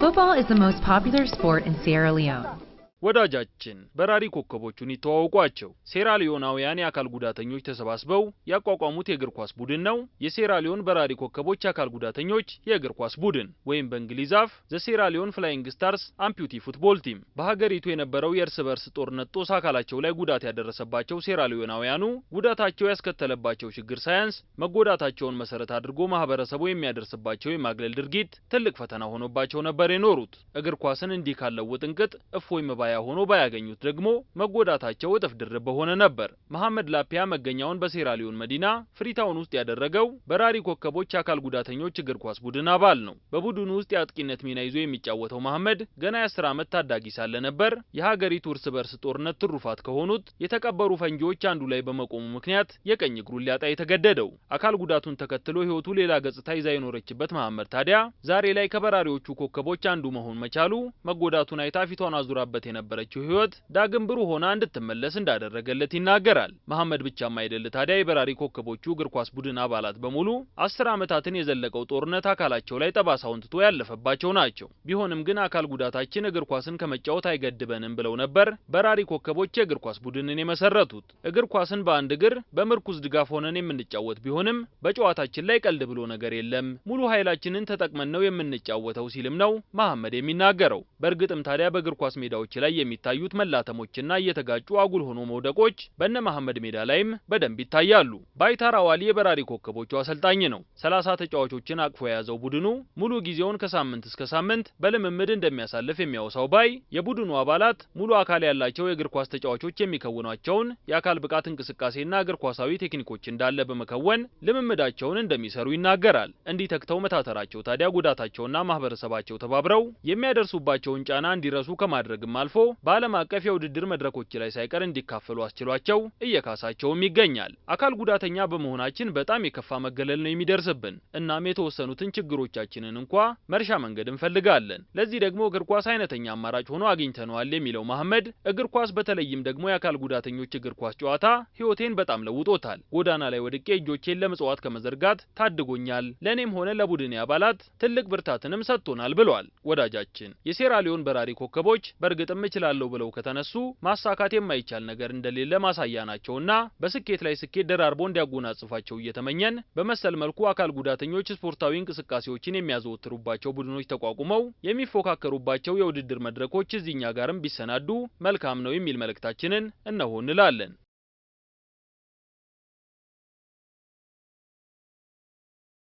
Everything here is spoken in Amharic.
Football is the most popular sport in Sierra Leone. ወዳጃችን በራሪ ኮከቦቹን ይተዋውቋቸው። ሴራሊዮናውያን የአካል ጉዳተኞች ተሰባስበው ያቋቋሙት የእግር ኳስ ቡድን ነው የሴራሊዮን በራሪ ኮከቦች የአካል ጉዳተኞች የእግር ኳስ ቡድን ወይም በእንግሊዝ አፍ ሴራሊዮን ፍላይንግ ስታርስ አምፒቲ ፉትቦል ቲም። በሀገሪቱ የነበረው የእርስ በርስ ጦርነት ጦስ አካላቸው ላይ ጉዳት ያደረሰባቸው ሴራሊዮናውያኑ ጉዳታቸው ያስከተለባቸው ችግር ሳያንስ መጎዳታቸውን መሰረት አድርጎ ማህበረሰቡ የሚያደርስባቸው የማግለል ድርጊት ትልቅ ፈተና ሆኖባቸው ነበር የኖሩት። እግር ኳስን እንዲህ ካለው ውጥንቅጥ እፎይ መባ ባያ ሆኖ ባያገኙት ደግሞ መጎዳታቸው እጥፍ ድርብ በሆነ ነበር። መሐመድ ላፒያ መገኛውን በሴራሊዮን መዲና ፍሪታውን ውስጥ ያደረገው በራሪ ኮከቦች የአካል ጉዳተኞች እግር ኳስ ቡድን አባል ነው። በቡድኑ ውስጥ የአጥቂነት ሚና ይዞ የሚጫወተው መሐመድ ገና የአስር ዓመት ታዳጊ ሳለ ነበር የሀገሪቱ እርስ በርስ ጦርነት ትሩፋት ከሆኑት የተቀበሩ ፈንጂዎች አንዱ ላይ በመቆሙ ምክንያት የቀኝ እግሩን ሊያጣ የተገደደው። አካል ጉዳቱን ተከትሎ ህይወቱ ሌላ ገጽታ ይዛ የኖረችበት መሐመድ ታዲያ ዛሬ ላይ ከበራሪዎቹ ኮከቦች አንዱ መሆን መቻሉ መጎዳቱን አይታ ፊቷን አዙራበት የነበረችው ህይወት ዳግም ብሩ ሆና እንድትመለስ እንዳደረገለት ይናገራል። መሐመድ ብቻም አይደል ታዲያ የበራሪ ኮከቦቹ እግር ኳስ ቡድን አባላት በሙሉ አስር ዓመታትን የዘለቀው ጦርነት አካላቸው ላይ ጠባሳውን ትቶ ያለፈባቸው ናቸው። ቢሆንም ግን አካል ጉዳታችን እግር ኳስን ከመጫወት አይገድበንም ብለው ነበር በራሪ ኮከቦች የእግር ኳስ ቡድንን የመሰረቱት። እግር ኳስን በአንድ እግር በምርኩዝ ድጋፍ ሆነን የምንጫወት ቢሆንም በጨዋታችን ላይ ቀልድ ብሎ ነገር የለም፣ ሙሉ ኃይላችንን ተጠቅመን ነው የምንጫወተው ሲልም ነው መሐመድ የሚናገረው። በእርግጥም ታዲያ በእግር ኳስ ሜዳዎች ላይ ላይ የሚታዩት መላተሞችና እየተጋጩ አጉል ሆኖ መውደቆች በነ መሐመድ ሜዳ ላይም በደንብ ይታያሉ። ባይታር አዋሊ የበራሪ ኮከቦቹ አሰልጣኝ ነው። ሰላሳ ተጫዋቾችን አቅፎ የያዘው ቡድኑ ሙሉ ጊዜውን ከሳምንት እስከ ሳምንት በልምምድ እንደሚያሳልፍ የሚያወሳው ባይ የቡድኑ አባላት ሙሉ አካል ያላቸው የእግር ኳስ ተጫዋቾች የሚከውኗቸውን የአካል ብቃት እንቅስቃሴና እግር ኳሳዊ ቴክኒኮች እንዳለ በመከወን ልምምዳቸውን እንደሚሰሩ ይናገራል። እንዲህ ተክተው መታተራቸው ታዲያ ጉዳታቸውና ማህበረሰባቸው ተባብረው የሚያደርሱባቸውን ጫና እንዲረሱ ከማድረግም አልፎ አልፎ በዓለም አቀፍ የውድድር መድረኮች ላይ ሳይቀር እንዲካፈሉ አስችሏቸው እየካሳቸውም ይገኛል። አካል ጉዳተኛ በመሆናችን በጣም የከፋ መገለል ነው የሚደርስብን። እናም የተወሰኑትን ችግሮቻችንን እንኳ መርሻ መንገድ እንፈልጋለን። ለዚህ ደግሞ እግር ኳስ አይነተኛ አማራጭ ሆኖ አግኝተነዋል የሚለው መሐመድ እግር ኳስ በተለይም ደግሞ የአካል ጉዳተኞች እግር ኳስ ጨዋታ ህይወቴን በጣም ለውጦታል። ጎዳና ላይ ወድቄ እጆቼን ለመጽዋት ከመዘርጋት ታድጎኛል። ለእኔም ሆነ ለቡድን አባላት ትልቅ ብርታትንም ሰጥቶናል ብሏል ወዳጃችን። የሴራሊዮን በራሪ ኮከቦች በእርግጥም እችላለሁ ብለው ከተነሱ ማሳካት የማይቻል ነገር እንደሌለ ማሳያ ናቸውና በስኬት ላይ ስኬት ደራርቦ እንዲያጎናጽፋቸው እየተመኘን በመሰል መልኩ አካል ጉዳተኞች ስፖርታዊ እንቅስቃሴዎችን የሚያዘወትሩባቸው ቡድኖች ተቋቁመው የሚፎካከሩባቸው የውድድር መድረኮች እዚህኛ ጋርም ቢሰናዱ መልካም ነው የሚል መልእክታችንን እነሆ እንላለን።